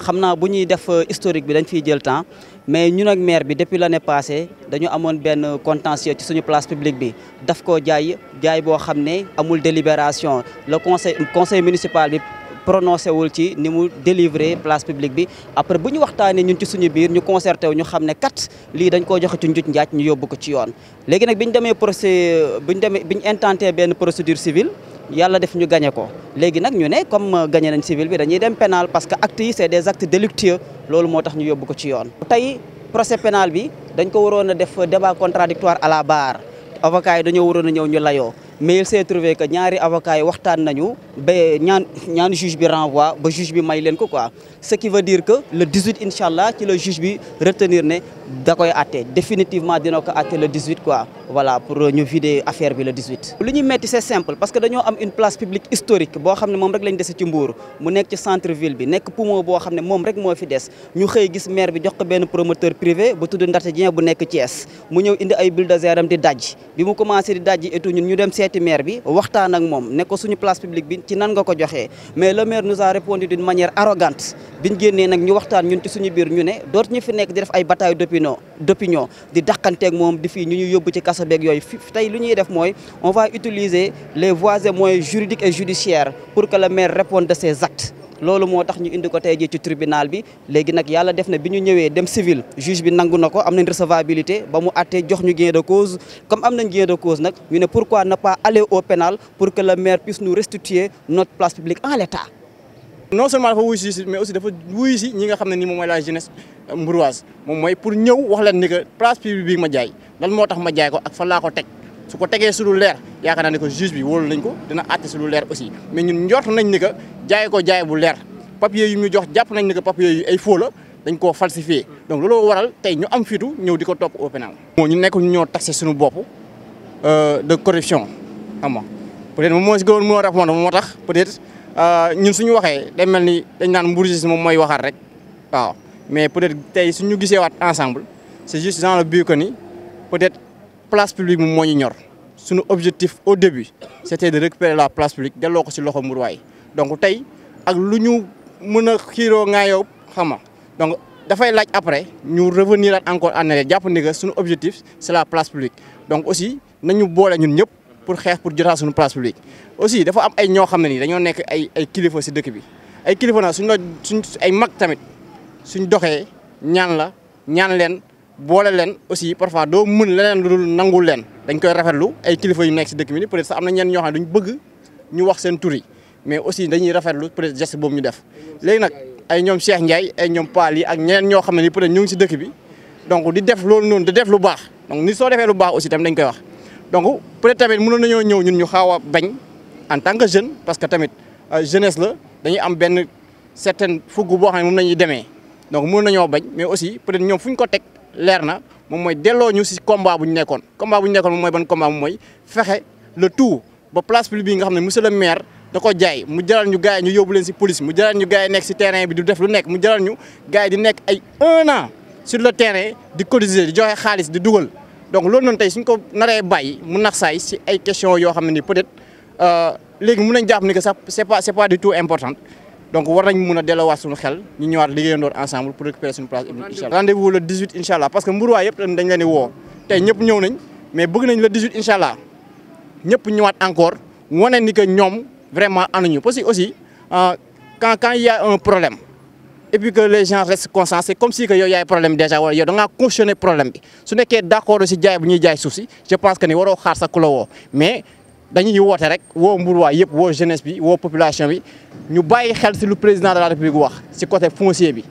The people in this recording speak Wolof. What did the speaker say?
xamna naa def euh, historique bi dañ fiy jël temps mais ñun ak maire bi depuis l'année passée dañu amone ben contentieux ci suñu place publique bi daf ko jaay jaay bo xamné amul délibération le conseil conseil municipal bi prononcé wul ci ni mu délivrer place publique bi après buñu ñu ñun ci suñu biir ñu concerté ñu xamné kat li dañ ko joxe ci njut njaaj ñu yobbu ko ci yoon légui nak bi démé procès buñu démé demee bi ñu intenté procédure civile yàlla def ñu gañee ko léegi nag ñu ne comme euh, gagné nañ civil bi dañuy dem pénal parce que actes yi c'est des actes délictueux loolu moo tax ñu yóbbu ko ci yoon. tey procès pénal bi dañ ko waroon a def débat contradictoire à la bar avocats yi dañoo waroon a ñëw ñu layoo mais il s'est trouvé ñaari avocats yi waxtaan nañu. ba ñaan ñaan juge bi renvoi ba juge bi may leen ko quoi ce qui veut dire que le 18 inchallah allah ci la juge bi retenir né da koy atte définitivement dina ko atte le 18 quoi voilà pour ñu vider affaire bi le 18. lu ñu metti c'est simple parce que dañu am une place publique historique bo xamné ne rek lañu dese ci Mbour mu nekk ci centre ville bi nekk poumon bo xamné mom rek mo fi dess ñu xey gis maire bi jox ko ben promoteur privé bu tuddu Ndarte Dieng bu nekk Thiès mu ñëw indi ay bulldozer di daj bi mu commencé di daj et tout ñun ñu dem séti maire bi waxtaan ak mom ne ko suñu place publique bi ci nan nga ko joxé mais le maire nous a répondu d'une manière arrogante biñu génné nak ñu waxtaan ñun ci suñu biir ñu ne doot ñu fi nek di def ay bataille d'opinion d'opinion di ak mom di fi ñu ñu yobbu ci kaso bék yoy tay lu ñuy def moy on va utiliser les voies et moyens juridiques et judiciaires pour que le maire réponde de ses actes loolu motax ñu indi ko tay ji ci tribunal bi légui nak yalla def na biñu ñëwé dem civil juge bi nangu nako ko am nañ recevabilité ba mu atté jox ñu gain de cause comme am nañ gain de cause nak ñu né pourquoi ne pas aller au pénal pour que le maire puisse nous restituer notre place publique en l'état non seulement dafa wuyu si mais aussi dafa wuyu si ñi nga xamné ni moom la jeunesse mbouroise moom mooy pour ñëw wax leen ni que place publique bi ma jaay lan motax ma jaay ko ak fa la ko tek su ko tegee su lu leer yaakaar naa ne ko juge bi wóolu nañ ko dina àtte su lu leer aussi mais ñun njort nañ ni que jaay ko jaay bu leer papier yu ñu jox jàpp nañ ni que papier yu ay faux la dañ koo falsifié donc looloo waral tey ñu am fitu ñëw di ko topp au pénal moo ñu nekk ñu ñoo taxé suñu bopp euh, de corruption xam nga peut-être moom moo si gëwoon moo répondre moo tax peut-être euh, ñun suñu waxee day mel ni dañ naan mbourgis moom mooy waxaat rek waaw mais peut-être tey suñu gisee waat ensemble c'est juste dans le ni peut-être place publique moom ñor suñu objectif au début c'était de récupérer la place publique delloo ko ci loxo Mbour donc tay ak luñu mëna xiro a xiiroo ŋaayoo xam nga donc laaj après ñu revenir encore en arrière jàpp ni que suñu objectif c'est la place publique donc aussi nañu bolé ñun ñëpp pour xex pour jotta suñu place publique. aussi dafa am ay ño xamné ne nii dañoo ay ay kilifa ci dëkk bi ay kilifa na suñu ay mag tamit suñu doxé ñaan la ñaan len boole leen aussi parfois doo mën leneen lu dul nangul leen dañ koy lu ay kilifa yu nekk si dëkk bi ni peut sax am na ñeen ñoo xam ne duñ bëgg ñu wax seen tur mais aussi dañuy rafetlu peut-être geste boobu ñu def. léegi nag ay ñoom Cheikh Ndiaye ay ñoom Paal yi ak ñeneen ñoo xam ne ni peut-être ngi si dëkk bi donc di def loolu noonu di def lu baax donc ni soo defee lu baax aussi tamit dañ koy wax donc peut-être tamit mënoon nañoo ñëw ñun ñu xaaw a bañ en tant que jeune parce que tamit euh, jeunesse la dañuy am benn certaine fugg boo xam ne moom la ñuy demee donc nañoo bañ mais aussi peut-être ñoom fu ñu ko teg leer na moom mooy delloo ñu si combat bu ñu nekkoon combat bu ñu nekkoon moom mooy ban combat moom mooy fexe le tout ba place publique bi nga xam ne monsieur le maire da ko jaay mu jaral ñu gars ñu yóbbu leen si police mu jaral ñu gars nekk si terrain bi du def lu nekk mu jaral ñu gars yi di nekk ay un an sur le terrain di cotiser di joxe xaalis di dugal donc loolu noonu tey suñ ko naree bàyyi mu nax saay si ay question yoo xam ne ni peut-être euh, léegi mun nañ jàpp ni que c'est pas du tout important donc war nañ mun a xel ensemble pour récupérer une place rendez-vous le 18 inchallah, parce que Mbour waay yëpp dañ leen di woo tey ñëpp ñëw mais le 18 incha allah ñëpp ñëwaat encore nous ni que ñoom vraiment nous parce que aussi euh, quand quand il y a un problème et puis que les gens restent conscients c'est comme si que yow un problème déjà wala yow da ngaa cautionné problème bi su nekkee d'accord aussi jaay bu ñuy des soucis, je pense que ni waroo xaar sa mais dañuy woote rek woo Mbourwaay yëpp woo jeunesse bi woo population bi ñu bàyyi xel si lu président de la république wax si côté foncier bi.